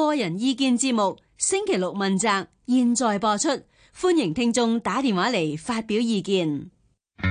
個人意見節目星期六問責，現在播出，歡迎聽眾打電話嚟發表意見。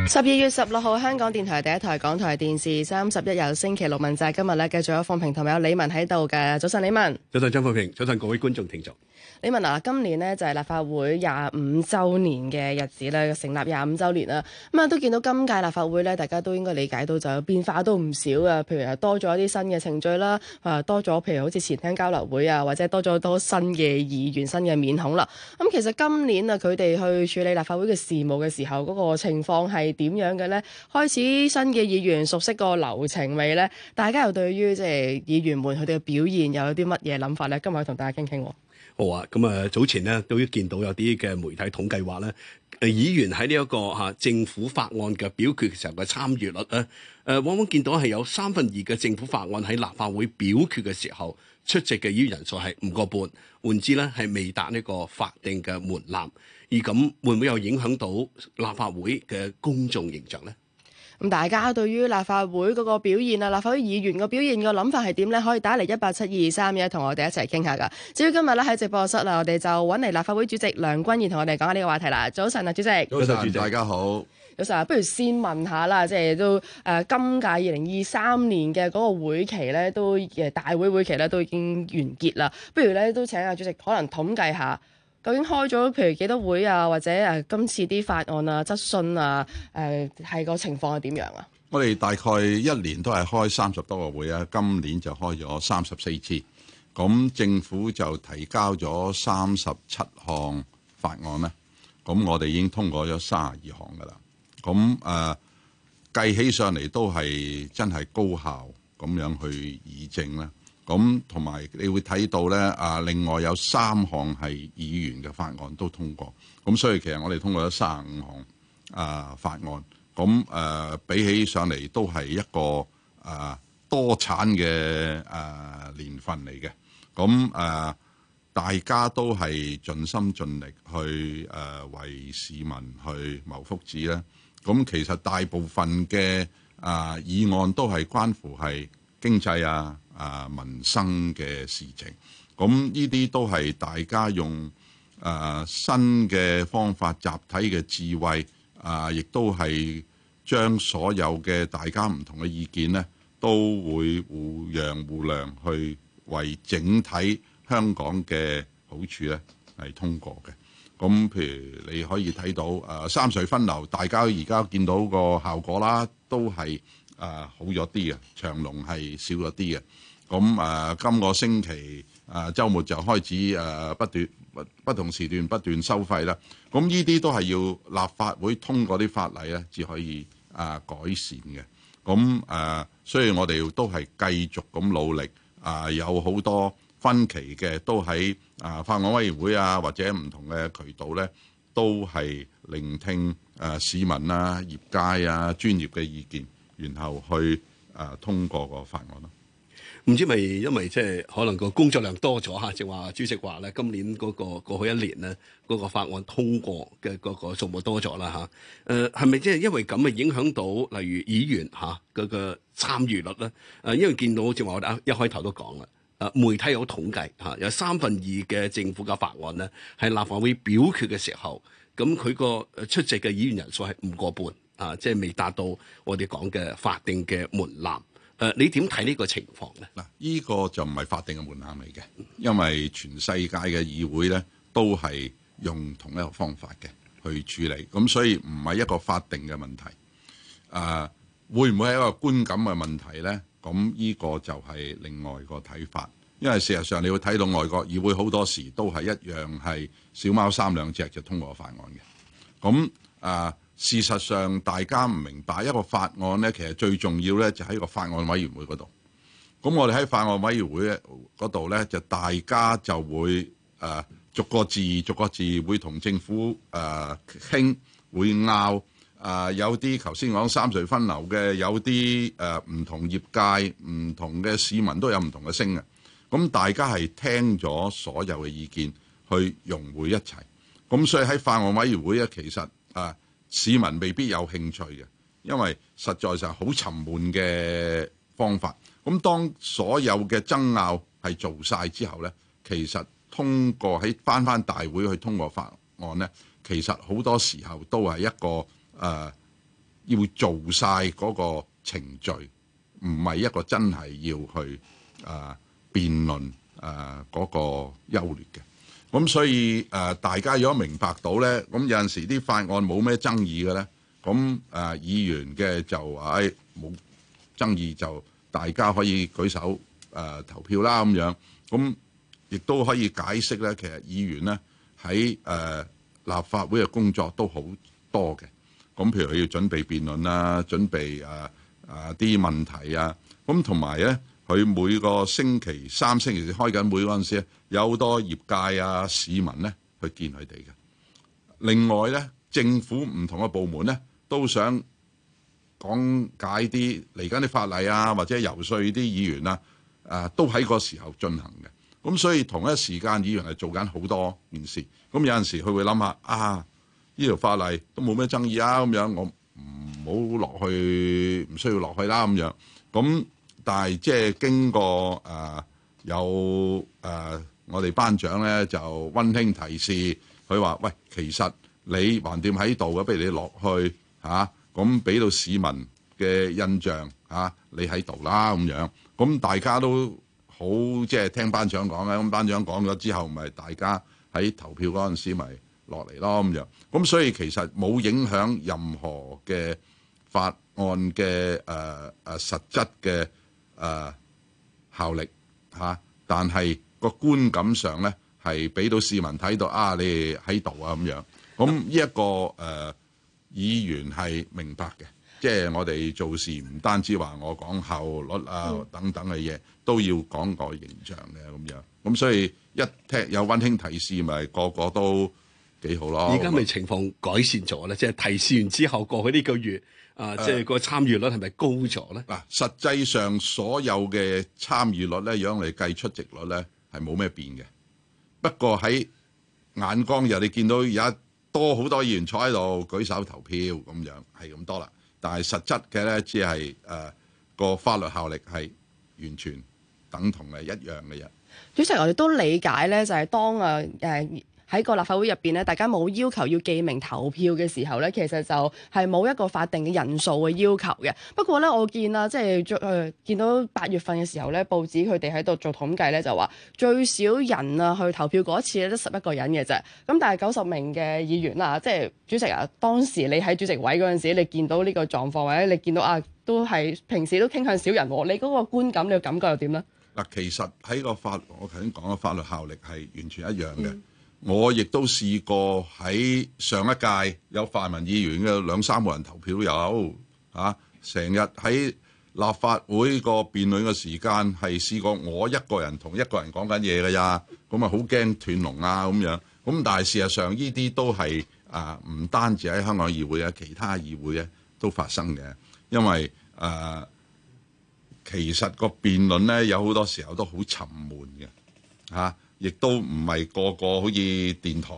十二月十六號，香港電台第一台、港台電視三十一有星期六問責。今日咧繼續有方平同埋有李文喺度嘅。早晨，李文。早晨，張方平。早晨，各位觀眾聽眾。你問嗱，今年呢就係、是、立法會廿五周年嘅日子咧，成立廿五周年啦。咁、嗯、啊，都見到今屆立法會咧，大家都應該理解到就有變化都唔少噶。譬如啊，多咗一啲新嘅程序啦，啊，多咗譬如好似前廳交流會啊，或者多咗多新嘅議員新嘅面孔啦。咁、嗯、其實今年啊，佢哋去處理立法會嘅事務嘅時候，嗰、那個情況係點樣嘅呢？開始新嘅議員熟悉個流程未呢？大家又對於即係議員們佢哋嘅表現又有啲乜嘢諗法呢？今日可以同大家傾傾。好啊，咁啊，早前咧都見到有啲嘅媒體統計話咧，誒議員喺呢一個政府法案嘅表決嘅時候嘅參與率咧，誒、呃、往往見到係有三分二嘅政府法案喺立法會表決嘅時候出席嘅議員人數係唔過半，換之咧係未達呢個法定嘅門檻，而咁會唔會又影響到立法會嘅公眾形象咧？咁大家對於立法會嗰個表現啊，立法會議員個表現個諗法係點咧？可以打嚟一八七二三一，同我哋一齊傾下噶。至於今日咧喺直播室啊，我哋就搵嚟立法會主席梁君彥同我哋講下呢個話題啦。早晨啊，主席，早晨，主席，大家好。早晨啊，不如先問下啦，即係都誒今屆二零二三年嘅嗰個會期咧，都誒大會會期咧都已經完結啦。不如咧都請啊主席，可能統計下。究竟開咗譬如幾多會啊，或者今次啲法案啊、質詢啊，誒係個情況係點樣啊？我哋大概一年都係開三十多個會啊，今年就開咗三十四次。咁政府就提交咗三十七項法案咧，咁我哋已經通過咗三十二項噶啦。咁、啊、計起上嚟都係真係高效咁樣去議政咧。咁同埋，你會睇到呢，啊！另外有三項係議員嘅法案都通過，咁所以其實我哋通過咗三十五項啊法案。咁、啊、比起上嚟都係一個、啊、多產嘅啊年份嚟嘅。咁、啊、大家都係盡心盡力去誒、啊、為市民去謀福祉啦。咁、啊、其實大部分嘅啊議案都係關乎係經濟啊。啊，民生嘅事情，咁呢啲都係大家用啊新嘅方法，集體嘅智慧啊，亦都係將所有嘅大家唔同嘅意見呢，都會互讓互諒去為整體香港嘅好處呢，係通過嘅。咁譬如你可以睇到啊，三隧分流，大家而家見到個效果啦，都係啊好咗啲嘅，長龍係少咗啲嘅。咁誒、啊，今個星期誒、啊、週末就開始誒、啊、不斷不，不同時段不斷收費啦。咁呢啲都係要立法會通過啲法例咧，至可以誒、啊、改善嘅。咁誒、啊，所以我哋都係繼續咁努力。啊，有好多分歧嘅都喺啊，法案委員會啊，或者唔同嘅渠道咧，都係聆聽誒、啊、市民啊、業界啊、專業嘅意見，然後去誒、啊、通過個法案咯。唔知咪因為即係可能個工作量多咗嚇，就話主席話咧，今年嗰個過去一年咧，嗰個法案通過嘅嗰個數目多咗啦嚇。係咪即係因為咁啊影響到，例如議員嚇嗰個參與率咧？因為見到正話我哋一開頭都講啦，媒體有統計嚇，有三分二嘅政府嘅法案咧，係立法會表決嘅時候，咁佢個出席嘅議員人數係唔過半啊，即係未達到我哋講嘅法定嘅門檻。誒，你點睇呢個情況呢？嗱，呢個就唔係法定嘅門檻嚟嘅，因為全世界嘅議會呢都係用同一個方法嘅去處理，咁所以唔係一個法定嘅問題。誒、啊，會唔會係一個觀感嘅問題呢？咁呢個就係另外個睇法，因為事實上你會睇到外國議會好多時都係一樣係小貓三兩隻就通過法案嘅。咁誒。啊事實上，大家唔明白一個法案呢，其實最重要呢，就喺個法案委員會嗰度。咁我哋喺法案委員會嗰度呢，就大家就會誒、啊、逐個字逐個字會同政府誒傾、啊，會拗誒、啊、有啲頭先講三隧分流嘅，有啲誒唔同業界唔同嘅市民都有唔同嘅聲嘅。咁大家係聽咗所有嘅意見去融會一齊。咁所以喺法案委員會咧，其實啊～市民未必有興趣嘅，因為實在係好沉悶嘅方法。咁當所有嘅爭拗係做晒之後呢，其實通過喺返返大會去通過法案呢，其實好多時候都係一個誒、呃、要做晒嗰個程序，唔係一個真係要去誒、呃、辯論誒嗰、呃那個優劣嘅。咁所以誒，大家如果明白到咧，咁有陣時啲法案冇咩爭議嘅咧，咁誒議員嘅就話誒冇爭議就大家可以舉手誒、呃、投票啦咁樣，咁亦都可以解釋咧，其實議員咧喺誒立法會嘅工作都好多嘅。咁譬如佢要準備辯論啦，準備誒誒啲問題啊，咁同埋咧佢每個星期三星期開緊會嗰陣時咧。有好多業界啊，市民咧去見佢哋嘅。另外咧，政府唔同嘅部門咧都想講解啲嚟緊啲法例啊，或者游説啲議員啊，誒、啊、都喺個時候進行嘅。咁所以同一時間，議員係做緊好多件事。咁有陣時佢會諗下啊，呢條法例都冇咩爭議啊，咁樣我唔好落去，唔需要落去啦。咁樣咁，但係即係經過誒、呃、有誒。呃我哋班長咧就温馨提示，佢話：喂，其實你橫掂喺度嘅，不如你落去嚇，咁、啊、俾到市民嘅印象嚇、啊，你喺度啦咁樣。咁大家都好，即、就、係、是、聽班長講咧。咁班長講咗之後，咪大家喺投票嗰陣時咪落嚟咯咁樣。咁所以其實冇影響任何嘅法案嘅誒誒實質嘅誒、呃、效力嚇、啊，但係，個觀感上咧，係俾到市民睇到啊！你喺度啊，咁樣咁呢一個誒、呃、議員係明白嘅，即係我哋做事唔單止話我講效率啊、嗯、等等嘅嘢，都要講個形象嘅咁樣。咁所以一聽有温馨提示，咪個個都幾好咯。而家咪情況改善咗咧，即係提示完之後，過去呢個月啊，即係個參與率係咪高咗咧？嗱、呃，實際上所有嘅參與率咧，用嚟計出席率咧。係冇咩變嘅，不過喺眼光入，你見到而家多好多議員坐喺度舉手投票咁樣，係咁多啦。但係實質嘅咧，只係誒個法律效力係完全等同係一樣嘅啫。主席，我哋都理解咧、啊，就係當誒誒。喺個立法會入邊咧，大家冇要求要記名投票嘅時候咧，其實就係冇一個法定嘅人數嘅要求嘅。不過咧，我見啊，即係最、呃、見到八月份嘅時候咧，報紙佢哋喺度做統計咧，就話最少人啊去投票嗰一次咧，得十一個人嘅啫。咁但係九十名嘅議員啊，即係主席啊，當時你喺主席位嗰陣時，你見到呢個狀況，或者你見到啊，都係平時都傾向少人喎。你嗰個觀感，你感覺又點咧？嗱，其實喺個法律，我頭先講嘅法律效力係完全一樣嘅。嗯我亦都試過喺上一屆有泛民議員嘅兩三個人投票都有嚇、啊，成日喺立法會個辯論嘅時間係試過我一個人同一個人講緊嘢嘅呀，咁啊好驚斷龍啊咁樣，咁但係事實上呢啲都係啊唔單止喺香港議會啊，其他議會咧、啊、都發生嘅，因為啊其實個辯論呢，有好多時候都好沉悶嘅嚇、啊。亦都唔係個個好似電台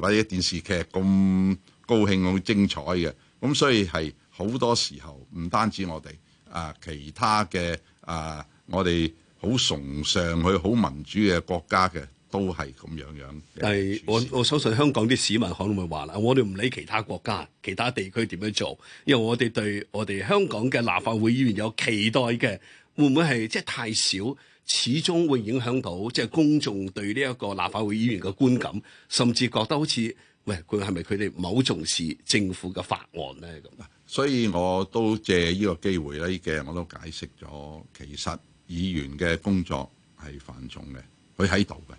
或者電視劇咁高興咁精彩嘅，咁所以係好多時候唔單止我哋啊，其他嘅啊，我哋好崇尚去好民主嘅國家嘅，都係咁樣樣。但係我我相信香港啲市民可能會話啦，我哋唔理其他國家、其他地區點樣做，因為我哋對我哋香港嘅立法會議員有期待嘅，會唔會係即係太少？始終會影響到即係、就是、公眾對呢一個立法會議員嘅觀感，甚至覺得好似喂，佢係咪佢哋唔好重視政府嘅法案咧咁。所以我都借呢個機會咧，呢嘅我都解釋咗，其實議員嘅工作係繁重嘅，佢喺度嘅。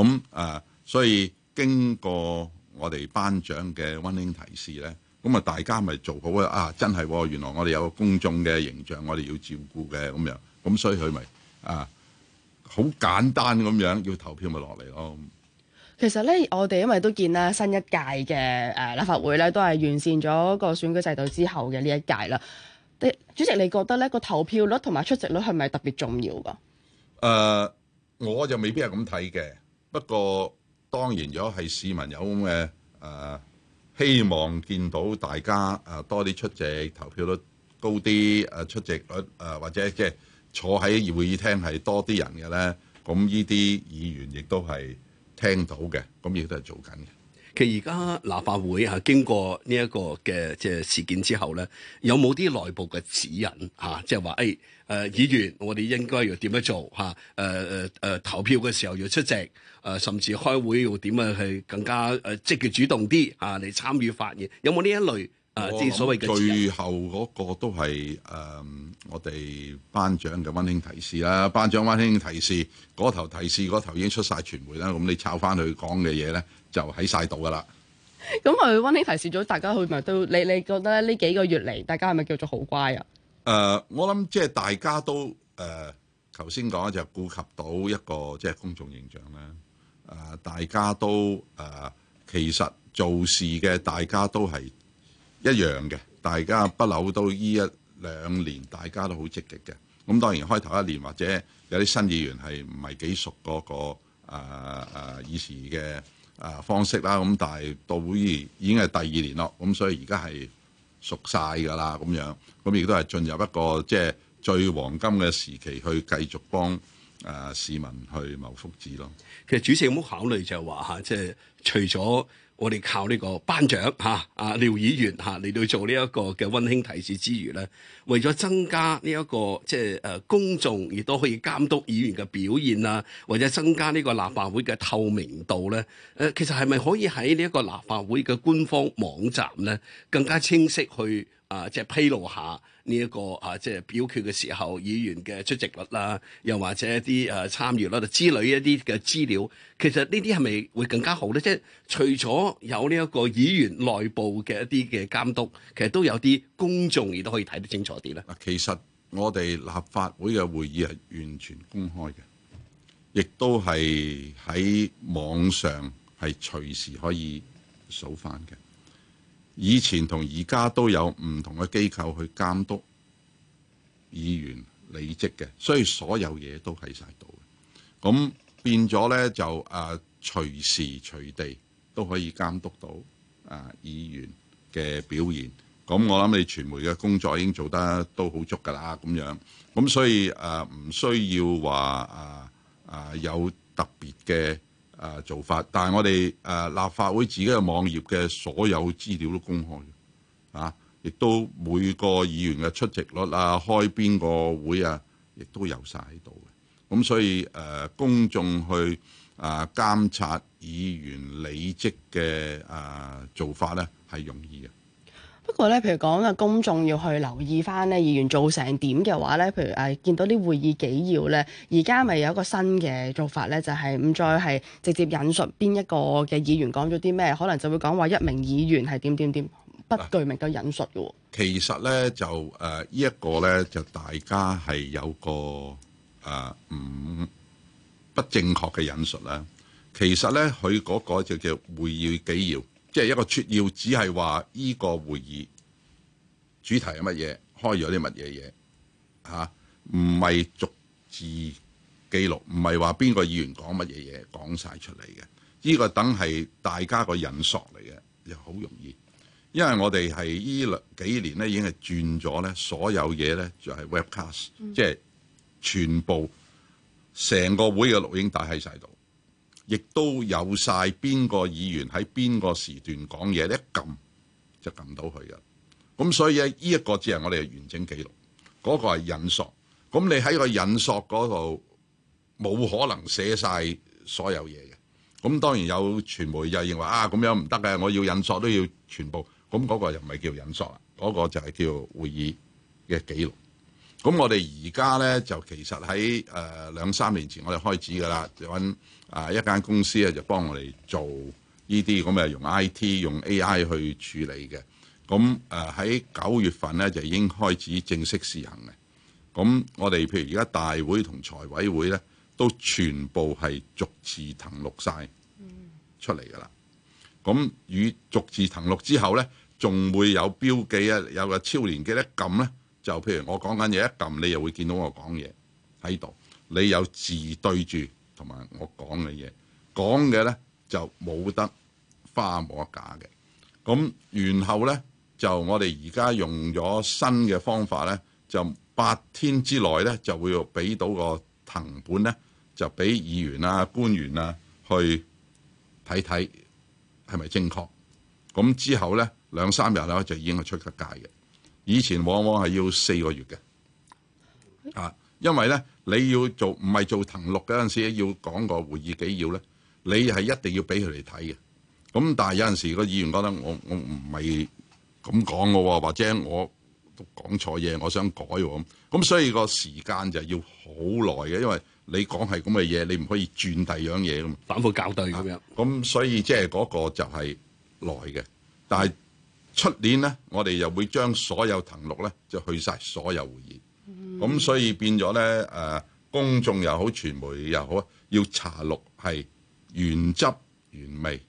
咁啊，所以經過我哋班長嘅溫馨提示咧，咁啊大家咪做好啊！真係、哦，原來我哋有個公眾嘅形象，我哋要照顧嘅咁樣。咁所以佢咪啊～好簡單咁樣要投票咪落嚟咯。其實咧，我哋因為都見啦，新一屆嘅誒立法會咧，都係完善咗個選舉制度之後嘅呢一屆啦。主席，你覺得咧、個投票率同埋出席率係咪特別重要噶？誒、呃，我就未必係咁睇嘅。不過當然咗係市民有咁嘅誒希望，見到大家誒、呃、多啲出席，投票率高啲，誒出席率誒、呃、或者即、就、係、是。坐喺會議廳係多啲人嘅咧，咁呢啲議員亦都係聽到嘅，咁亦都係做緊嘅。其實而家立法會嚇經過呢一個嘅即係事件之後咧，有冇啲內部嘅指引嚇？即係話誒誒議員，我哋應該要點樣做嚇？誒誒誒投票嘅時候要出席，誒甚至開會要點樣去更加誒積極主動啲嚇嚟參與發言？有冇呢一類？所謂嘅最後嗰個都係誒，嗯嗯、我哋班長嘅温馨提示啦。班長温馨提示嗰、那個、頭提示嗰、那個、頭已經出晒傳媒啦。咁你抄翻佢講嘅嘢咧，就喺晒度噶啦。咁佢温馨提示咗，大家去咪都你？你覺得呢幾個月嚟，大家係咪叫做好乖啊？誒、呃，我諗即係大家都誒頭先講就顧及到一個即係公眾形象啦。誒、呃，大家都誒、呃、其實做事嘅大家都係。一樣嘅，大家不嬲都依一兩年，大家都好積極嘅。咁當然開頭一年或者有啲新議員係唔係幾熟嗰、那個啊啊、呃呃、以前嘅啊、呃、方式啦。咁但係到會議已經係第二年咯。咁所以而家係熟晒㗎啦。咁樣咁亦都係進入一個即係、就是、最黃金嘅時期，去繼續幫啊、呃、市民去謀福祉咯。其實主席有冇考慮就係話嚇，即、就、係、是就是、除咗。我哋靠呢個班長嚇啊，廖議員嚇嚟到做呢一個嘅溫馨提示之餘咧，為咗增加呢、這、一個即係、就是呃、公眾亦都可以監督議員嘅表現啊，或者增加呢個立法會嘅透明度咧、啊，其實係咪可以喺呢一個立法會嘅官方網站咧更加清晰去？啊，即、就、係、是、披露下呢、這、一個啊，即、就、係、是、表決嘅時候，議員嘅出席率啦、啊，又或者一啲誒參與率之類一啲嘅資料，其實呢啲係咪會更加好咧？即、就、係、是、除咗有呢一個議員內部嘅一啲嘅監督，其實都有啲公眾亦都可以睇得清楚啲咧。嗱，其實我哋立法會嘅會議係完全公開嘅，亦都係喺網上係隨時可以數翻嘅。以前同而家都有唔同嘅機構去監督議員履職嘅，所以所有嘢都喺晒度。咁變咗呢，就啊，隨時隨地都可以監督到啊議員嘅表現。咁我諗你傳媒嘅工作已經做得都好足㗎啦，咁樣。咁所以啊，唔需要話啊啊有特別嘅。啊、做法，但係我哋、啊、立法會自己嘅網頁嘅所有資料都公開，啊，亦都每個議員嘅出席率啊、開邊個會啊，亦都有晒喺度嘅。咁所以、啊、公眾去啊監察議員履職嘅、啊、做法咧，係容易嘅。不過咧，譬如講啊，公眾要去留意返咧，議員做成點嘅話咧，譬如誒見到啲會議紀要咧，而家咪有一個新嘅做法咧，就係、是、唔再係直接引述邊一個嘅議員講咗啲咩，可能就會講話一名議員係點點點，不具名嘅引述嘅。其實咧就誒、呃這個、呢一個咧就大家係有個誒唔、呃、不，不正確嘅引述啦。其實咧佢嗰個就叫會議紀要。即係一個摘要，只係話依個會議主題係乜嘢，開咗啲乜嘢嘢嚇，唔、啊、係逐字記錄，唔係話邊個議員講乜嘢嘢講晒出嚟嘅。呢、呢個等係大家個引索嚟嘅，又好容易，因為我哋係依兩幾年咧已經係轉咗咧，所有嘢咧就係 webcast，、嗯、即係全部成個會嘅錄影帶喺晒度。亦都有晒邊個議員喺邊個時段講嘢，一撳就撳到佢嘅。咁所以呢依一個只係我哋嘅完整記錄，嗰、嗰個係引索。咁你喺個引索嗰度冇可能寫晒所有嘢嘅。咁當然有傳媒就認為啊，咁樣唔得嘅，我要引索都要全部。咁、嗰、嗰個又唔係叫引索啦，嗰、嗰個就係叫會議嘅記錄。咁我哋而家呢，就其實喺誒兩三年前我哋開始噶啦，就揾啊一間公司咧就幫我哋做呢啲，咁咪用 I T 用 A I 去處理嘅。咁喺九月份呢，就已經開始正式試行嘅。咁我哋譬如而家大會同財委會呢，都全部係逐字騰錄晒出嚟噶啦。咁與逐字騰錄之後呢，仲會有標記啊，有個超連結得撳呢。就譬如我講緊嘢，一撳，你又會見到我講嘢喺度。你有字對住同埋我講嘅嘢，講嘅咧就冇得花冇得假嘅。咁然後咧就我哋而家用咗新嘅方法咧，就八天之內咧就會俾到個藤本咧，就俾議員啊、官員啊去睇睇係咪正確。咁之後咧兩三日咧就已經係出得街嘅。以前往往係要四個月嘅，啊，因為咧你要做唔係做騰錄嗰陣時要講個會議紀要咧，你係一定要俾佢哋睇嘅。咁但係有陣時個議員覺得我我唔係咁講嘅喎，或者我都講錯嘢，我想改喎咁，咁所以個時間就要好耐嘅，因為你講係咁嘅嘢，你唔可以轉第二樣嘢咁，反覆校對咁樣。咁所以即係嗰個就係耐嘅，但係。出年呢，我哋又會將所有騰錄咧，就去晒所有會議。咁、嗯、所以變咗咧、呃，公眾又好，傳媒又好，要查錄係原汁原味、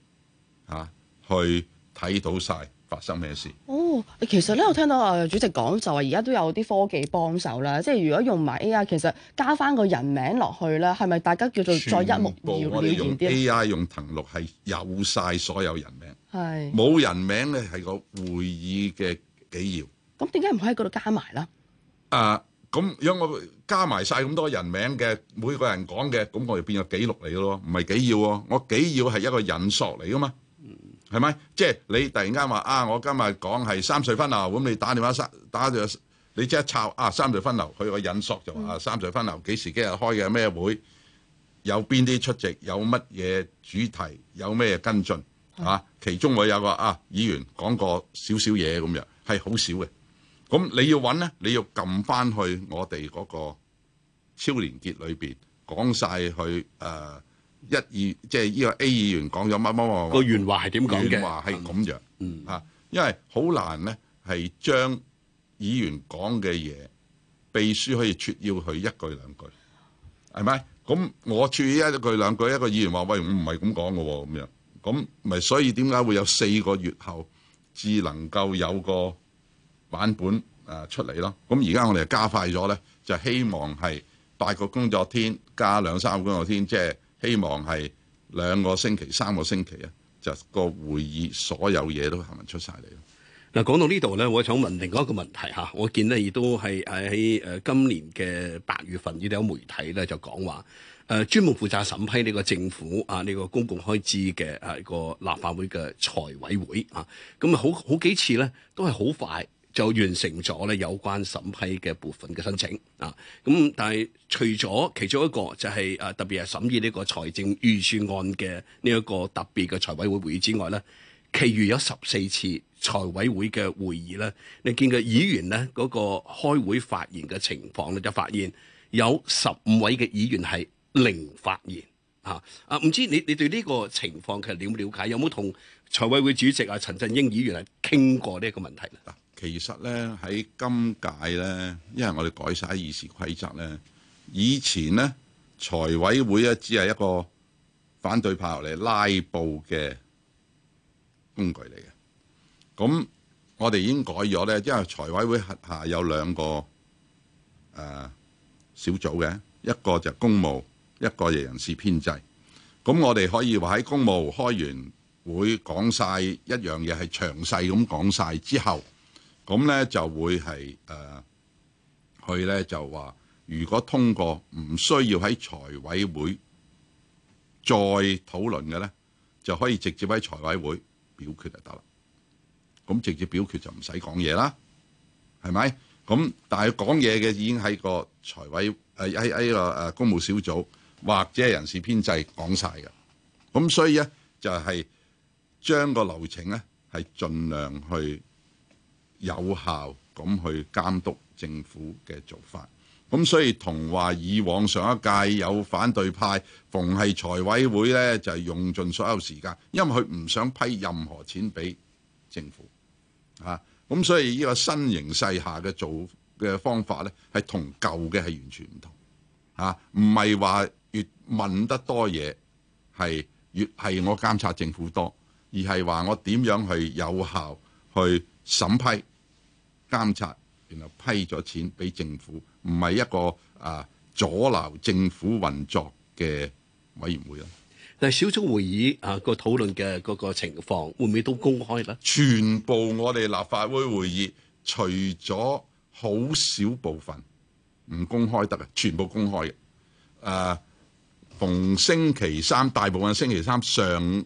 啊、去睇到晒發生咩事。哦，其實咧，我聽到啊，主席講就話而家都有啲科技幫手啦。即係如果用埋 A.I.，其實加翻個人名落去啦，係咪大家叫做再一目瞭瞭？我哋用 A.I. 用騰錄係有晒所有人名。冇人名咧，係個會議嘅紀要。咁點解唔可以嗰度加埋啦？啊，咁如果我加埋曬咁多人名嘅，每個人講嘅，咁我哋變咗記錄嚟咯，唔係紀要喎。我紀要係一個引述嚟噶嘛，係咪？即係你突然間話啊，我今日講係三隧分流，咁你打電話打咗你即刻一抄啊，三隧分流，佢個引述就話三隧分流幾時幾日開嘅咩會，有邊啲出席，有乜嘢主題，有咩跟進。啊！其中我有個啊，議員講個少少嘢咁樣，係好少嘅。咁你要揾咧，你要撳翻去我哋嗰個超連結裏邊，講晒。佢、呃、一二，即係依個 A 議員講咗乜乜乜。個原話係點講嘅？原話係咁樣、嗯嗯、因為好難咧，係將議員講嘅嘢，秘書可以撮要佢一句兩句，係咪？咁我撮依一句兩句，一個議員話：喂，唔係咁講嘅喎，咁咁咪所以點解會有四個月後至能夠有個版本誒出嚟咯？咁而家我哋加快咗咧，就希望係八個工作天加兩三個工作天，即係希望係兩個星期，三個星期啊，就個會議所有嘢都係咪出晒嚟？嗱，講到呢度咧，我想問另外一個問題嚇，我見咧亦都係喺誒今年嘅八月份，呢度有媒體咧就講話。誒、呃、專門負責審批呢個政府啊，呢、呢個公共開支嘅一、啊這個、立法會嘅財委會啊，咁、嗯、啊好好幾次咧，都係好快就完成咗咧有關審批嘅部分嘅申請啊。咁、嗯、但係除咗其中一個就係、是啊、特別係審議呢個財政預算案嘅呢一個特別嘅財委會會議之外咧，其餘有十四次財委會嘅會議咧，你見嘅議員咧嗰、嗰個開會發言嘅情況咧，就發現有十五位嘅議員係。零發言啊，唔知你你對呢個情況其實了唔了解，有冇同財委會主席啊陳振英議員係傾過呢一個問題咧？其實咧喺今屆咧，因為我哋改晒議事規則咧，以前咧財委會咧只係一個反對派嚟拉布嘅工具嚟嘅，咁我哋已經改咗咧，因為財委會轄下有兩個誒、啊、小組嘅，一個就係公務。一個人事編制，咁我哋可以話喺公務開完會講晒一樣嘢，係詳細咁講晒之後，咁咧就會係誒去咧就話，如果通過唔需要喺財委會再討論嘅咧，就可以直接喺財委會表決就得啦。咁直接表決就唔使講嘢啦，係咪？咁但係講嘢嘅已經喺個財委誒喺喺個誒公務小組。或者人事編制講晒嘅，咁所以呢，就係將個流程呢，係盡量去有效咁去監督政府嘅做法。咁所以同話以往上一屆有反對派逢係財委會呢，就係用盡所有時間，因為佢唔想批任何錢俾政府啊。咁所以呢個新形勢下嘅做嘅方法呢，係同舊嘅係完全唔同啊，唔係話。問得多嘢係越係我監察政府多，而係話我點樣去有效去審批監察，然後批咗錢俾政府，唔係一個啊阻撓政府運作嘅委員會啦。但係小組會議啊，個討論嘅嗰個情況會唔會都公開咧？全部我哋立法會會議，除咗好少部分唔公開得嘅，全部公開嘅，誒、啊。逢星期三，大部分星期三上午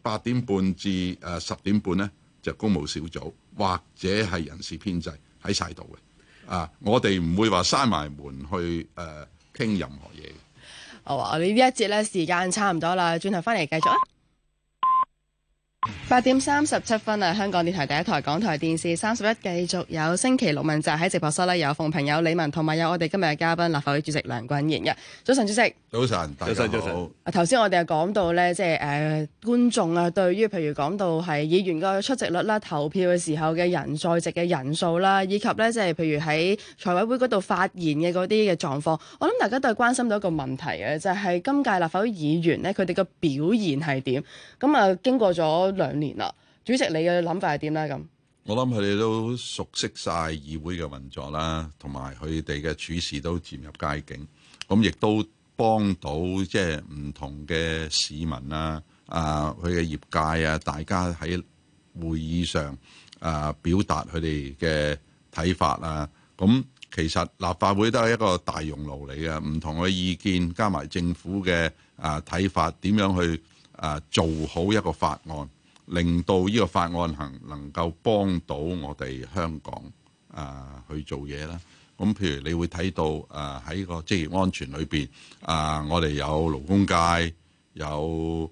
八點半至誒十點半咧，就是、公務小組或者係人事編制喺晒度嘅。啊，我哋唔會話閂埋門去誒傾、啊、任何嘢。好啊，呢一節咧時間差唔多啦，轉頭翻嚟繼續啊。八點三十七分啊！香港電台第一台，港台電視三十一繼續有星期六問責喺直播室咧，有奉朋友李文同埋有我哋今日嘅嘉賓立法會主席梁君彥嘅早晨，主席早晨，早晨早晨。頭先、啊、我哋啊講到咧，即係誒、呃、觀眾啊，對於譬如講到係議員嘅出席率啦、啊、投票嘅時候嘅人在席嘅人數啦、啊，以及咧即係譬如喺財委會嗰度發言嘅嗰啲嘅狀況，我諗大家都係關心到一個問題嘅、啊，就係、是、今屆立法會議員咧，佢哋嘅表現係點？咁啊，經過咗。兩年啦，主席，你嘅諗法係點咧？咁我諗佢哋都熟悉晒議會嘅運作啦，同埋佢哋嘅處事都漸入佳境，咁亦都幫到即係唔同嘅市民啊，啊，佢嘅業界啊，大家喺會議上啊表達佢哋嘅睇法啊，咁其實立法會都係一個大熔爐嚟嘅，唔同嘅意見加埋政府嘅啊睇法，點樣去啊做好一個法案？令到呢個法案行能夠幫到我哋香港啊去做嘢啦。咁譬如你會睇到啊喺個職業安全裏邊啊，我哋有勞工界、有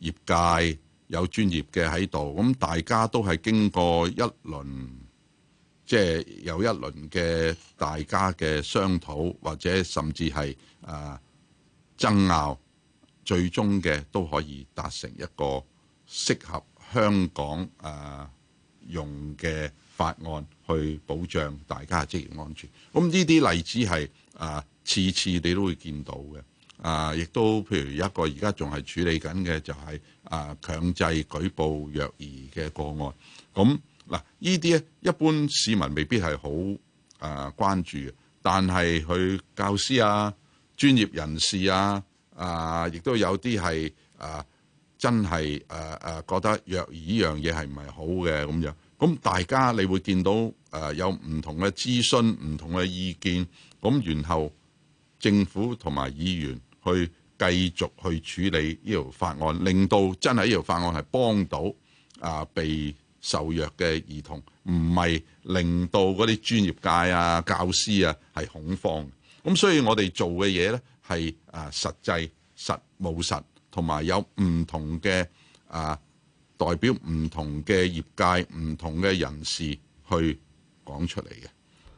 業界、有專業嘅喺度。咁大家都係經過一輪，即係有一輪嘅大家嘅商討，或者甚至係啊爭拗，最終嘅都可以達成一個適合香港誒、啊、用嘅法案去保障大家嘅職業安全。咁呢啲例子係誒、啊、次次你都會見到嘅、啊。誒亦都譬如一個而家仲係處理緊嘅就係、是、誒、啊、強制舉報虐兒嘅個案。咁、啊、嗱，這些呢啲咧一般市民未必係好誒關注嘅，但係佢教師啊、專業人士啊、啊亦都有啲係誒。啊真係誒誒覺得虐兒呢樣嘢係唔係好嘅咁樣，咁大家你會見到誒有唔同嘅諮詢、唔同嘅意見，咁然後政府同埋議員去繼續去處理呢條法案，令到真係呢條法案係幫到啊被受虐嘅兒童，唔係令到嗰啲專業界啊、教師啊係恐慌。咁所以我哋做嘅嘢呢，係啊實際實務實。還同埋有唔同嘅啊，代表唔同嘅業界、唔同嘅人士去講出嚟嘅。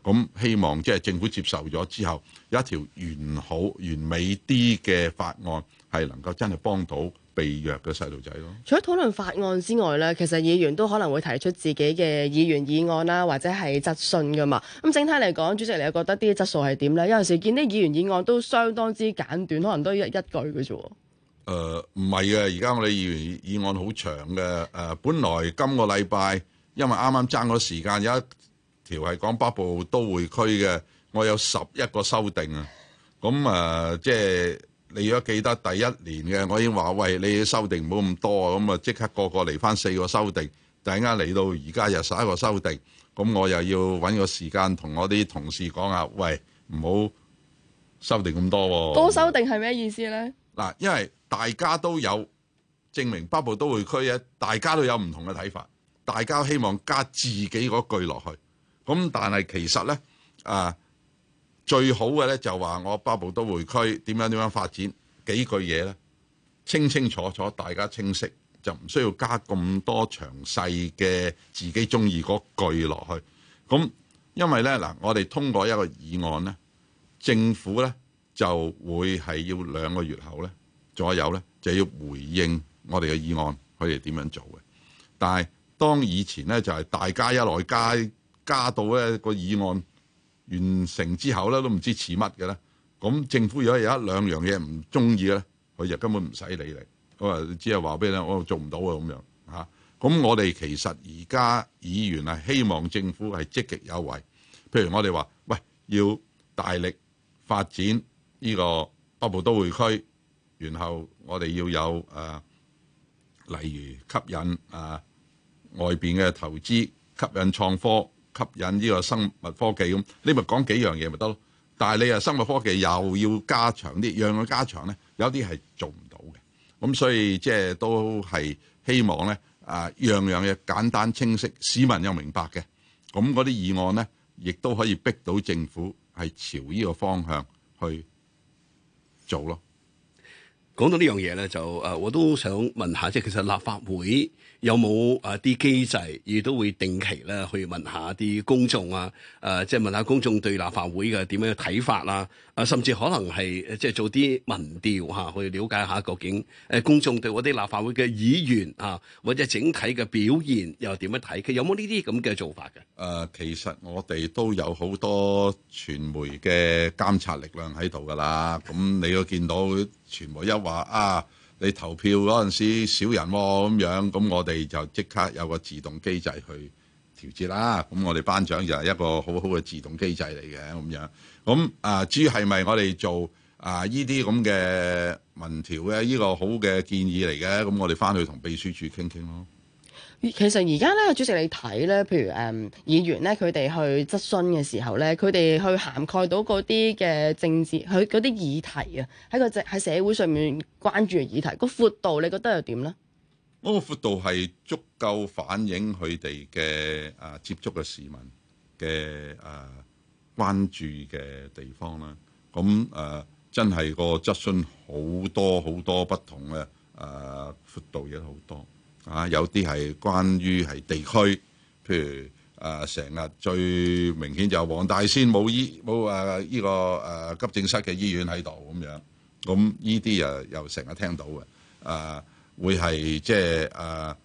咁希望即係政府接受咗之後，有一條完好完美啲嘅法案，係能夠真係幫到被虐嘅細路仔咯。除咗討論法案之外咧，其實議員都可能會提出自己嘅議員議案啦，或者係質詢噶嘛。咁整體嚟講，主席你又覺得啲質素係點咧？有陣時見啲議員議案都相當之簡短，可能都一一句嘅啫。誒，唔係嘅，而家我哋議，議案好長嘅。誒、呃，本來今個禮拜，因為啱啱爭個時間，有一條係講北部都會區嘅，我有十一個修訂啊。咁、嗯、啊，即、呃、係、就是、你如果記得第一年嘅，我已經話，喂，你要修訂唔好咁多，啊、嗯。」咁啊即刻個個嚟翻四個修訂，突然間嚟到而家又十一個修訂，咁、嗯、我又要揾個時間同我啲同事講下：「喂，唔好修訂咁多。多修訂係咩意思咧？嗱，因為大家都有證明，北部都會區咧，大家都有唔同嘅睇法。大家希望加自己嗰句落去咁，但係其實咧啊，最好嘅咧就話我北部都會區點樣點樣發展幾句嘢咧，清清楚楚，大家清晰就唔需要加咁多詳細嘅自己中意句落去咁，因為呢，嗱，我哋通過一個議案咧，政府呢就會係要兩個月後呢，左右咧，就要回應我哋嘅議案，佢哋點樣做嘅？但係當以前咧，就係、是、大家一來加加到咧個議案完成之後咧，都唔知似乜嘅咧。咁政府如果有一兩樣嘢唔中意咧，佢就根本唔使理你。咁啊，我話你知啊，話俾你，我做唔到的啊，咁樣吓。咁我哋其實而家議員啊，希望政府係積極有為，譬如我哋話：喂，要大力發展呢個北部都會區。然後我哋要有誒、啊，例如吸引誒、啊、外邊嘅投資，吸引創科，吸引呢個生物科技咁，你咪講幾樣嘢咪得咯。但係你啊生物科技又要加長啲，樣樣加長咧，有啲係做唔到嘅。咁所以即係都係希望咧，啊樣樣嘢簡單清晰，市民又明白嘅，咁嗰啲議案咧，亦都可以逼到政府係朝呢個方向去做咯。講到呢樣嘢咧，就誒，我都想問下，即係其實立法會，有冇啊啲機制，亦都會定期咧去問下啲公眾啊，誒、呃，即係問下公眾對立法會嘅點樣嘅睇法啦，啊，甚至可能係即係做啲民調嚇、啊，去了解下究竟誒公眾對嗰啲立法會嘅議員啊，或者整體嘅表現又點樣睇？佢有冇呢啲咁嘅做法嘅、啊？誒，其實我哋都有好多傳媒嘅監察力量喺度㗎啦，咁你都見到傳媒一話啊？你投票嗰陣時少人喎、喔，咁樣咁我哋就即刻有個自動機制去調節啦。咁我哋頒獎就係一個很好好嘅自動機制嚟嘅，咁樣。咁啊，至於係咪我哋做啊呢啲咁嘅民調咧，呢、呢個好嘅建議嚟嘅，咁我哋翻去同秘書處傾傾咯。其實而家咧，主席你睇咧，譬如誒、嗯、議員咧，佢哋去質詢嘅時候咧，佢哋去涵蓋到嗰啲嘅政治，佢嗰啲議題啊，喺個社喺社會上面關注嘅議題，個闊度你覺得又點咧？嗰個闊度係足夠反映佢哋嘅誒接觸嘅市民嘅誒、啊、關注嘅地方啦。咁誒、啊、真係個質詢好多好多不同嘅誒、啊、闊度嘢好多。啊，有啲係關於係地區，譬如啊，成日最明顯就係黃大仙冇醫冇啊呢個誒、啊、急症室嘅醫院喺度咁樣，咁呢啲啊又成日聽到嘅，啊會係即係啊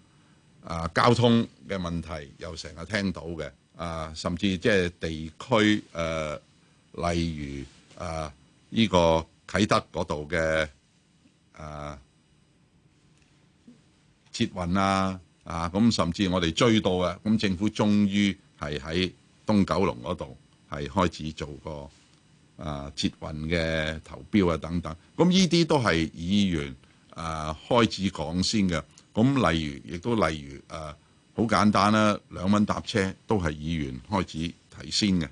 啊交通嘅問題又成日聽到嘅，啊甚至即係地區誒、呃，例如啊呢個啟德嗰度嘅啊。捷運啊，啊咁甚至我哋追到嘅，咁、啊、政府終於係喺東九龍嗰度係開始做個啊捷運嘅投標啊等等，咁呢啲都係議員啊開始講先嘅，咁、啊、例如亦都例如誒好、啊、簡單啦、啊，兩蚊搭車都係議員開始提先嘅，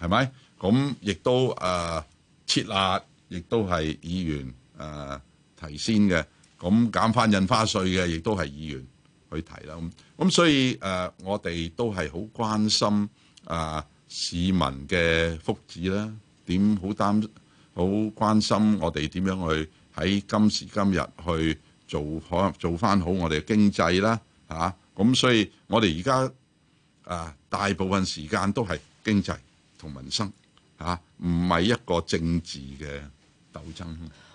係咪？咁、啊、亦都誒、啊、設立，亦都係議員誒、啊、提先嘅。咁減翻印花稅嘅，亦都係議員去提啦。咁咁所以誒，我哋都係好關心啊市民嘅福祉啦。點好擔好關心我哋點樣去喺今時今日去做可能做翻好我哋嘅經濟啦嚇。咁所以我哋而家啊大部分時間都係經濟同民生嚇，唔係一個政治嘅鬥爭。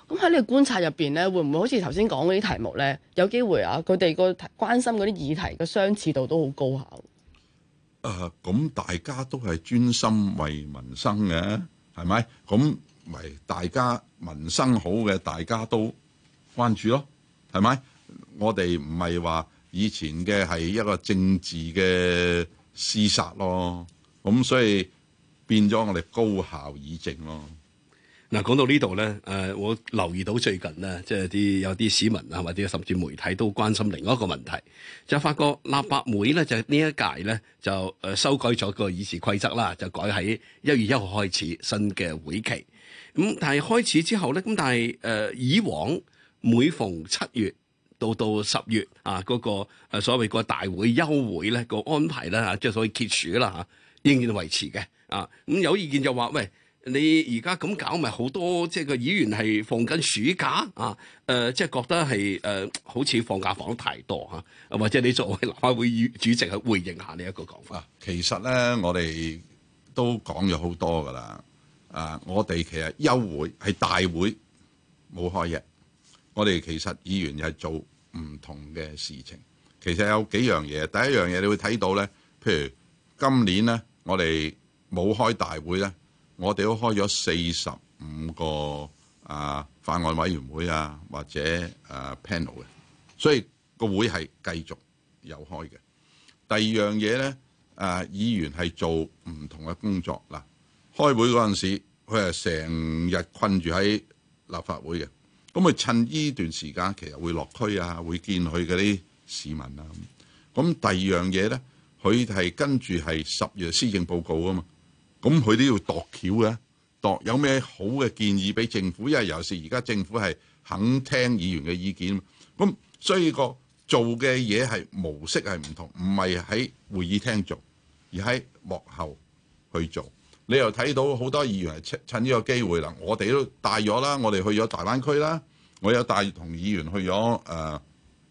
咁喺你個觀察入邊咧，會唔會好似頭先講嗰啲題目咧？有機會啊，佢哋個關心嗰啲議題嘅相似度都好高下誒，咁、啊、大家都係專心為民生嘅，係咪？咁為大家民生好嘅，大家都關注咯，係咪？我哋唔係話以前嘅係一個政治嘅廝殺咯，咁所以變咗我哋高效議政咯。嗱，講到呢度咧，誒，我留意到最近咧，即係啲有啲市民啊，或者甚至媒體都關心另外一個問題，就發覺立法會咧，就呢一屆咧就誒修改咗個議事規則啦，就改喺一月一號開始新嘅會期。咁但係開始之後咧，咁但係以往每逢七月到到十月啊，嗰、那個所謂個大會休會咧個安排咧嚇，即係所謂揭暑啦嚇，仍然維持嘅。啊，咁有意見就話喂。你而家咁搞，咪好多即係個議員係放緊暑假啊？誒、呃，即係覺得係誒、呃，好似放假放得太多嚇、啊，或者你作為立法會主席去回應下呢一個講法。其實咧，我哋都講咗好多㗎喇。啊，我哋其實休會係大會冇開嘅。我哋其實議員係做唔同嘅事情。其實有幾樣嘢，第一樣嘢你會睇到咧，譬如今年咧，我哋冇開大會咧。我哋都開咗四十五個啊法案委員會啊，或者誒 panel 嘅，所以個會係繼續有開嘅。第二樣嘢咧，誒議員係做唔同嘅工作啦。開會嗰陣時，佢係成日困住喺立法會嘅，咁佢趁呢段時間其實會落區啊，會見佢嗰啲市民啊。咁第二樣嘢咧，佢係跟住係十月施政報告啊嘛。咁佢都要度橋嘅，度有咩好嘅建議俾政府？因為尤其是而家政府係肯聽議員嘅意見。咁所以個做嘅嘢係模式係唔同，唔係喺會議廳做，而喺幕後去做。你又睇到好多議員係趁趁呢個機會啦，我哋都帶咗啦，我哋去咗大灣區啦，我有帶同議員去咗誒、啊、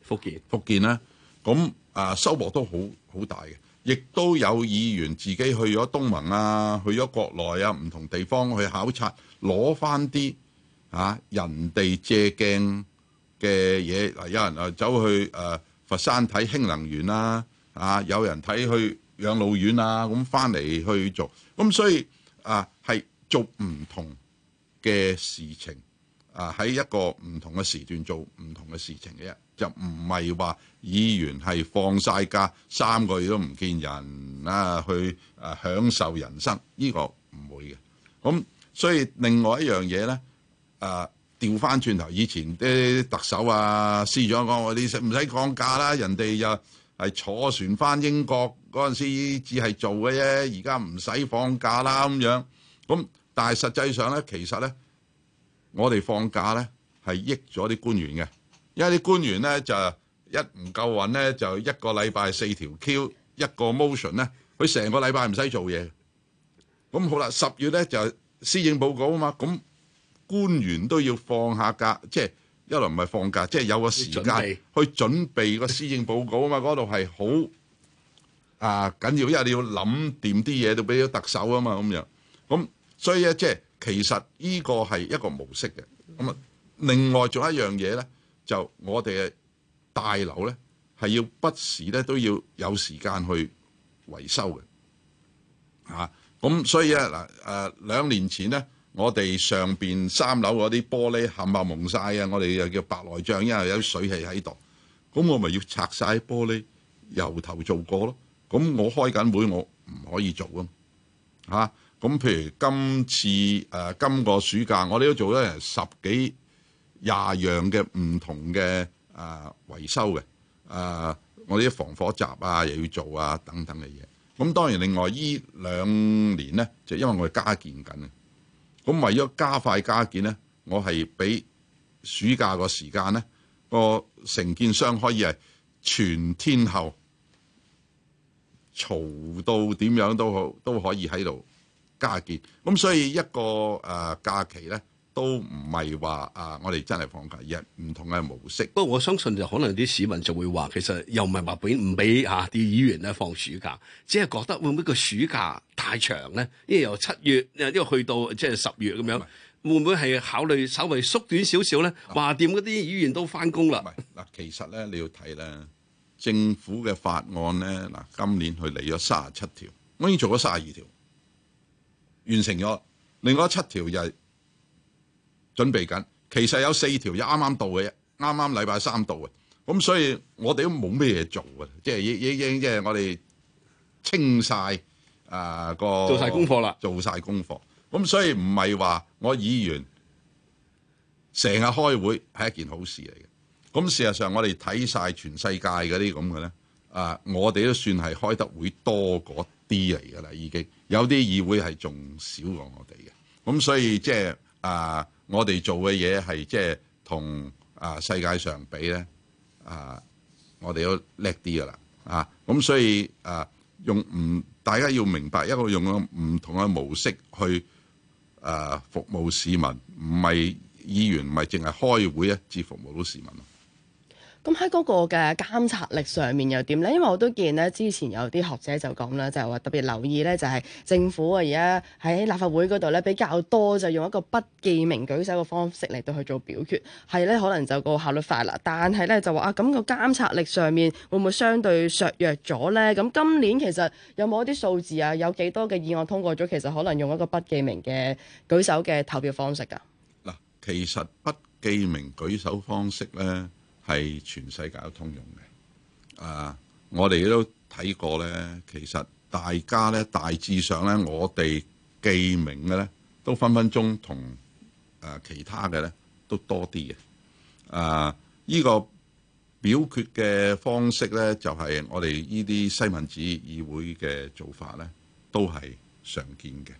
福建福建啦、啊，咁誒、啊、收穫都好好大嘅。亦都有議員自己去咗東盟啊，去咗國內啊，唔同地方去考察，攞翻啲啊人哋借鏡嘅嘢。嗱、啊，有人啊走去啊佛山睇氫能源啦、啊，啊有人睇去養老院啊，咁翻嚟去做。咁所以啊，係做唔同嘅事情啊，喺一個唔同嘅時段做唔同嘅事情嘅就唔係話議員係放晒假三個月都唔見人啦、啊，去誒、啊、享受人生，呢、這個唔會嘅。咁所以另外一樣嘢咧，誒調翻轉頭，以前啲特首啊、司長講話，你唔使放假啦，人哋又係坐船翻英國嗰陣時，只係做嘅啫。而家唔使放假啦咁樣。咁但係實際上咧，其實咧，我哋放假咧係益咗啲官員嘅。因為啲官員咧就一唔夠運咧，就一個禮拜四條 Q 一個 motion 咧，佢成個禮拜唔使做嘢。咁好啦，十月咧就施政報告啊嘛。咁官員都要放下假，即係一來唔係放假，即係有個時間去準備個施政報告啊嘛。嗰度係好啊緊要，因為你要諗掂啲嘢，都俾咗特首啊嘛。咁樣咁所以咧，即係其實呢個係一個模式嘅。咁啊，另外仲有一樣嘢咧。就我哋嘅大樓咧，係要不時咧都要有時間去維修嘅，啊，咁所以咧、啊、嗱、啊、兩年前咧，我哋上面三樓嗰啲玻璃冚唪唥蒙晒啊，我哋又叫白內障，因為有水氣喺度，咁我咪要拆晒玻璃，由頭做過咯。咁我開緊會，我唔可以做啊。咁譬如今次、啊、今個暑假，我哋都做咗十幾廿樣嘅唔同嘅啊維修嘅啊，我哋啲防火閘啊又要做啊等等嘅嘢。咁當然另外依兩年咧，就因為我哋加建緊，咁為咗加快加建咧，我係俾暑假個時間咧，個承建商可以係全天候嘈到點樣都好都可以喺度加建。咁所以一個啊假期咧。都唔係話啊，我哋真係放假，日唔同嘅模式。不過我相信就可能啲市民就會話，其實又唔係話俾唔俾嚇啲議員咧放暑假，只係覺得會唔會個暑假太長咧？因為由七月，因為去到即係十月咁樣，是會唔會係考慮稍微縮短少少咧？話掂嗰啲議員都返工啦。嗱，其實咧你要睇咧政府嘅法案咧嗱，今年佢嚟咗三十七條，我已經做咗三十二條，完成咗另外七條又係。準備緊，其實有四條一啱啱到嘅，啱啱禮拜三到嘅，咁所以我哋都冇咩嘢做嘅，即係已已已經即係我哋清晒，啊、呃、個做晒功課啦，做晒功，功課，咁所以唔係話我議員成日開會係一件好事嚟嘅，咁事實上我哋睇晒全世界嗰啲咁嘅咧，啊、呃、我哋都算係開得會多嗰啲嚟㗎啦，已經有啲議會係仲少過我哋嘅，咁所以即係啊。呃我哋做嘅嘢係即係同啊世界上比咧啊，我哋都叻啲噶啦啊，咁所以啊用唔大家要明白一個用唔同嘅模式去啊服務市民，唔係議員唔係淨係開會啊至服務到市民咯。咁喺嗰個嘅監察力上面又點呢？因為我都見呢，之前有啲學者就講啦，就係話特別留意呢，就係政府啊，而家喺立法會嗰度呢比較多就用一個不記名舉手嘅方式嚟到去做表決，係呢可能就個效率快啦。但係呢，就話啊，咁個監察力上面會唔會相對削弱咗呢？咁今年其實有冇一啲數字啊？有幾多嘅議案通過咗？其實可能用一個不記名嘅舉手嘅投票方式㗎嗱。其實不記名舉手方式呢。係全世界都通用嘅，啊、uh,！我哋都睇過咧，其實大家咧大致上咧，我哋記名嘅咧都分分鐘同啊、呃、其他嘅咧都多啲嘅，啊！依個表決嘅方式咧，就係、是、我哋呢啲西敏寺議會嘅做法咧，都係常見嘅。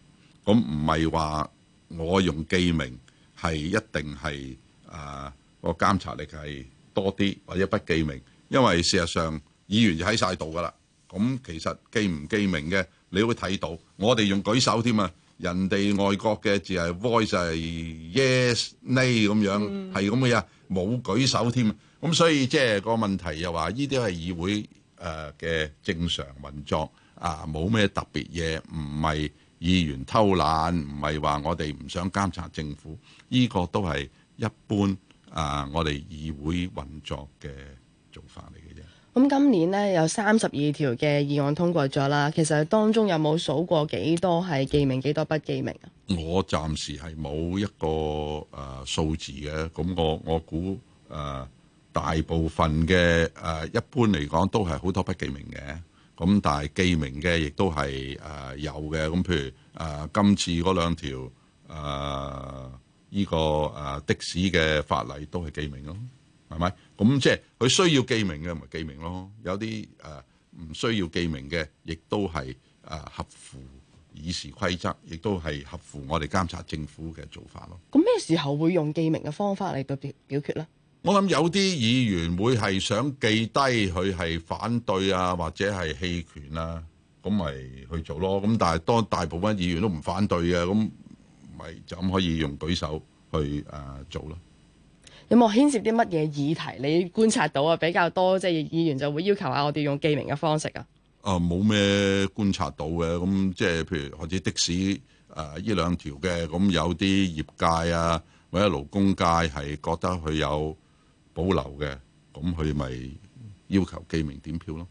咁唔係話我用記名係一定係啊個監察力係，多啲或者不記名，因為事實上議員就喺晒度噶啦。咁其實記唔記名嘅，你會睇到，我哋用舉手添啊。人哋外國嘅字係 voice 係 yes nay 咁樣，係咁嘅呀，冇舉手添。啊。咁所以即係個問題又話，呢啲係議會誒嘅正常運作啊，冇咩特別嘢，唔係議員偷懶，唔係話我哋唔想監察政府，呢、呢個都係一般。啊！我哋議會運作嘅做法嚟嘅啫。咁今年呢，有三十二條嘅議案通過咗啦。其實當中有冇數過幾多係記名，幾多不記名啊？我暫時係冇一個誒數字嘅。咁我我估誒大部分嘅誒一般嚟講都係好多不記名嘅。咁但係記名嘅亦都係誒有嘅。咁譬如誒、呃、今次嗰兩條、呃呢個誒的士嘅法例都係記名咯，係咪？咁即係佢需要記名嘅，咪記名咯；有啲誒唔需要記名嘅，亦都係誒合乎議事規則，亦都係合乎我哋監察政府嘅做法咯。咁咩時候會用記名嘅方法嚟到表表決咧？我諗有啲議員會係想記低佢係反對啊，或者係棄權啦、啊，咁咪去做咯。咁但係當大部分議員都唔反對嘅，咁。咁可以用舉手去誒做咯。有冇牽涉啲乜嘢議題？你觀察到啊，比較多即係議員就會要求下我哋用記名嘅方式啊。誒，冇咩觀察到嘅，咁，即係譬如或者的士誒呢兩條嘅咁，有啲業界啊或者勞工界係覺得佢有保留嘅，咁佢咪要求記名點票咯。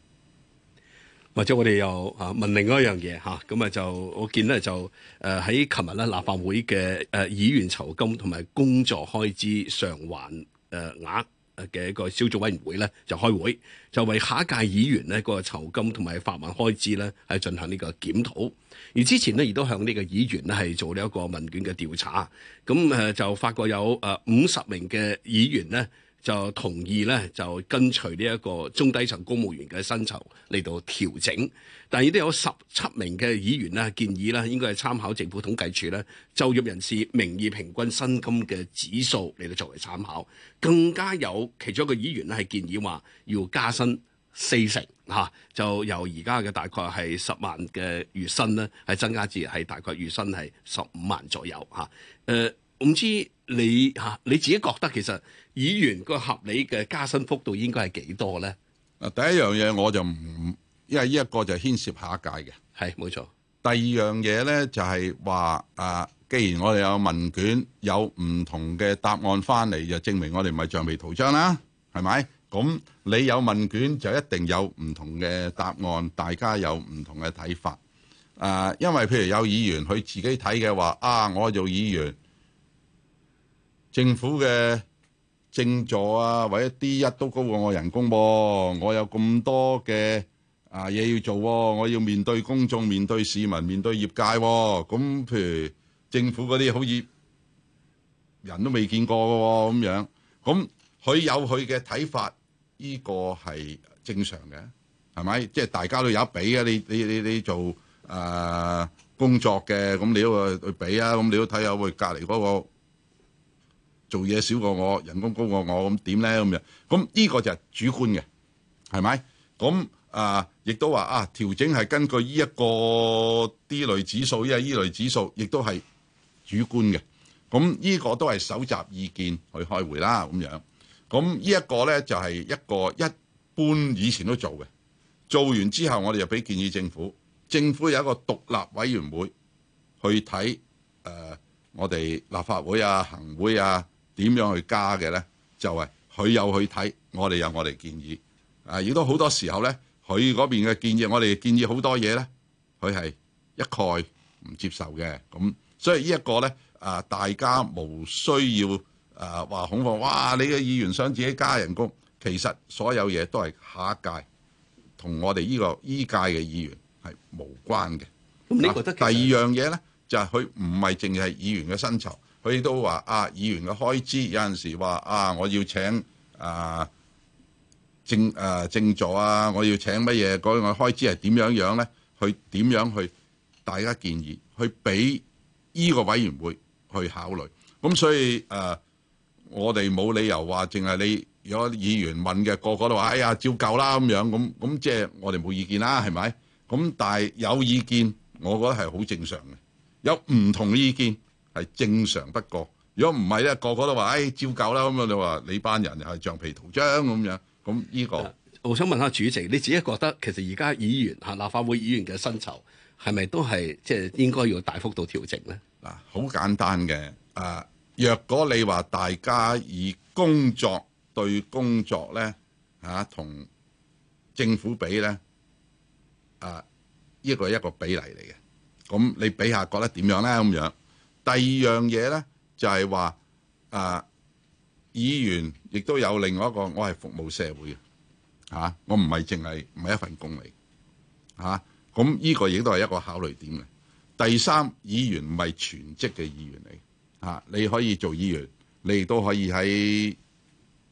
或者我哋又啊問另外一樣嘢嚇，咁啊就我見咧，就誒喺琴日咧立法會嘅誒議員酬金同埋工作開支償還誒額嘅一個小組委員會咧就開會，就為下一屆議員呢個酬金同埋發還開支咧係進行呢個檢討，而之前呢，亦都向呢個議員呢係做咗一個問卷嘅調查，咁誒就發覺有誒五十名嘅議員呢。就同意咧，就跟隨呢一個中低層公務員嘅薪酬嚟到調整。但係亦都有十七名嘅議員咧建議呢，應該係參考政府統計處呢就業人士名義平均薪金嘅指數嚟到作為參考。更加有其中一個議員係建議話要加薪四成嚇、啊，就由而家嘅大概係十萬嘅月薪呢，係增加至係大概月薪係十五萬左右嚇。誒、啊，唔知？你嚇，你自己覺得其實議員個合理嘅加薪幅度應該係幾多咧？啊，第一樣嘢我就唔，因為呢一個就牽涉下一屆嘅，係冇錯。第二樣嘢咧就係話啊，既然我哋有問卷，有唔同嘅答案翻嚟，就證明我哋唔係橡皮圖章啦，係咪？咁你有問卷就一定有唔同嘅答案，大家有唔同嘅睇法啊、呃，因為譬如有議員佢自己睇嘅話啊，我做議員。政府嘅政助啊，或者 D 一都高過我人工噃、啊，我有咁多嘅啊嘢要做、啊，我要面對公眾，面對市民、面對業界、啊。咁、嗯、譬如政府嗰啲好似人都未見過嘅咁、啊、樣，咁、嗯、佢有佢嘅睇法，呢、呢個係正常嘅，係咪？即係大家都有得比啊，你你你你做誒、呃、工作嘅，咁、嗯、你都去比啊，咁、嗯、你都睇下會隔籬嗰、嗰個。做嘢少過我，人工高過我咁點呢？咁樣？咁呢個就係主觀嘅，係咪？咁啊，亦都話啊，調整係根據呢一個啲類指數，依啊依類指數，亦都係主觀嘅。咁呢個都係搜集意見去開會啦，咁樣。咁呢一個呢，就係、是、一個一般以前都做嘅，做完之後我哋就俾建議政府，政府有一個獨立委員會去睇誒、呃，我哋立法會啊、行會啊。點樣去加嘅咧？就係、是、佢有去睇，我哋有我哋建議。啊，亦都好多時候咧，佢嗰邊嘅建議，我哋建議好多嘢咧，佢係一概唔接受嘅。咁所以呢一個咧，啊，大家無需要啊話恐慌。哇！你嘅議員想自己加人工，其實所有嘢都係下一屆同我哋呢、呢個依屆嘅議員係無關嘅。咁你覺得、啊、第二樣嘢咧，就係佢唔係淨係議員嘅薪酬。佢都話啊，議員嘅開支有陣時話啊，我要請啊政啊政助啊，我要請乜嘢嗰樣開支係點樣樣咧？去點樣去？大家建議去俾呢個委員會去考慮。咁所以誒、啊，我哋冇理由話淨係你有議員問嘅個個都話哎呀照舊啦咁樣咁咁，即係我哋冇意見啦，係咪？咁但係有意見，我覺得係好正常嘅，有唔同意見。係正常不過，如果唔係咧，個個都話誒、哎、照舊啦咁樣，你話你班人又係橡皮圖章咁樣，咁呢、呢個，我想問下主席，你自己覺得其實而家議員嚇立法會議員嘅薪酬係咪都係即係應該要大幅度調整咧？嗱，好簡單嘅，啊，若果你話大家以工作對工作咧嚇同政府比咧，啊，依個係一個比例嚟嘅，咁你比下覺得點樣咧？咁樣。第二樣嘢咧，就係、是、話啊，議員亦都有另外一個，我係服務社會嘅嚇、啊。我唔係淨係唔係一份工嚟嚇。咁、啊、呢個亦都係一個考慮點嘅。第三，議員唔係全職嘅議員嚟嚇、啊。你可以做議員，你亦都可以喺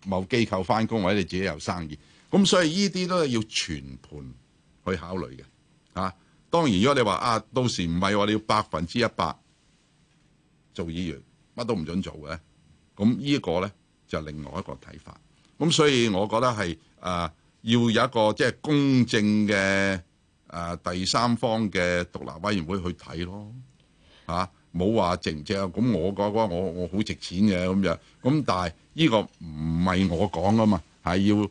某機構翻工，或者你自己有生意。咁所以呢啲都係要全盤去考慮嘅嚇、啊。當然，如果你話啊，到時唔係話你要百分之一百。做議員乜都唔准做嘅，咁呢個咧就是、另外一個睇法。咁所以我覺得係誒、呃、要有一個即係、就是、公正嘅誒、呃、第三方嘅獨立委員會去睇咯，嚇，冇話值唔值啊。咁我講、那、講、個、我我好值錢嘅咁樣，咁但係呢個唔係我講啊嘛，係要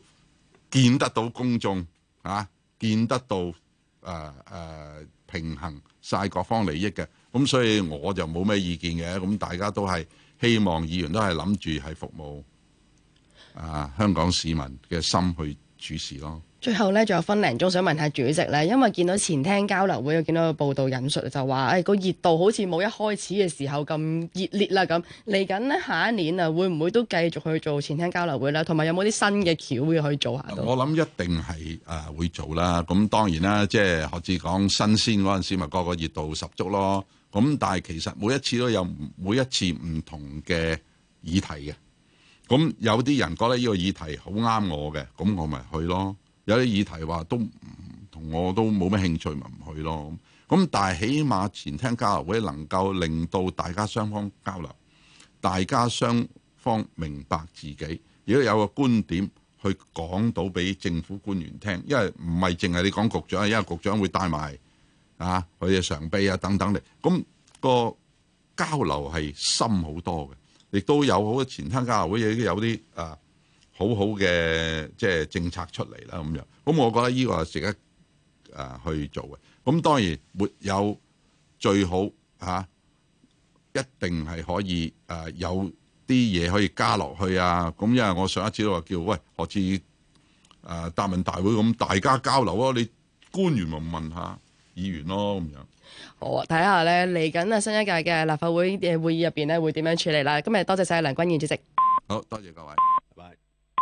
見得到公眾啊，見得到誒誒、呃呃、平衡晒各方利益嘅。咁所以我就冇咩意見嘅，咁大家都係希望議員都係諗住係服務啊香港市民嘅心去處事咯。最後咧，仲有分零鐘，想問下主席咧，因為見到前廳交流會，見到個報道引述就話，誒、哎、個熱度好似冇一開始嘅時候咁熱烈啦，咁嚟緊呢，下一年啊，會唔會都繼續去做前廳交流會咧？同埋有冇啲新嘅橋會去做下？我諗一定係誒、啊、會做啦。咁當然啦，即係好似講新鮮嗰陣時，咪個個熱度十足咯。咁但係其實每一次都有每一次唔同嘅議題嘅，咁有啲人覺得呢個議題好啱我嘅，咁我咪去咯。有啲議題話都同我都冇咩興趣，咪唔去咯。咁但係起碼前廳交流會能夠令到大家雙方交流，大家雙方明白自己，如果有個觀點去講到俾政府官員聽，因為唔係淨係你講局長，因為局長會帶埋。啊，佢嘅常備啊等等嚟，咁個交流係深好多嘅，亦都有好多前廳交流會亦都有啲啊好好嘅即係政策出嚟啦咁樣。咁我覺得呢個係值得啊去做嘅。咁當然沒有最好嚇、啊，一定係可以啊有啲嘢可以加落去啊。咁因為我上一次都話叫喂，學似啊答問大會咁大家交流啊，你官員咪問下，議員咯咁樣，我睇下咧，嚟緊啊新一屆嘅立法會嘅會議入邊咧會點樣處理啦。今日多謝晒梁君彥主席，好多謝各位。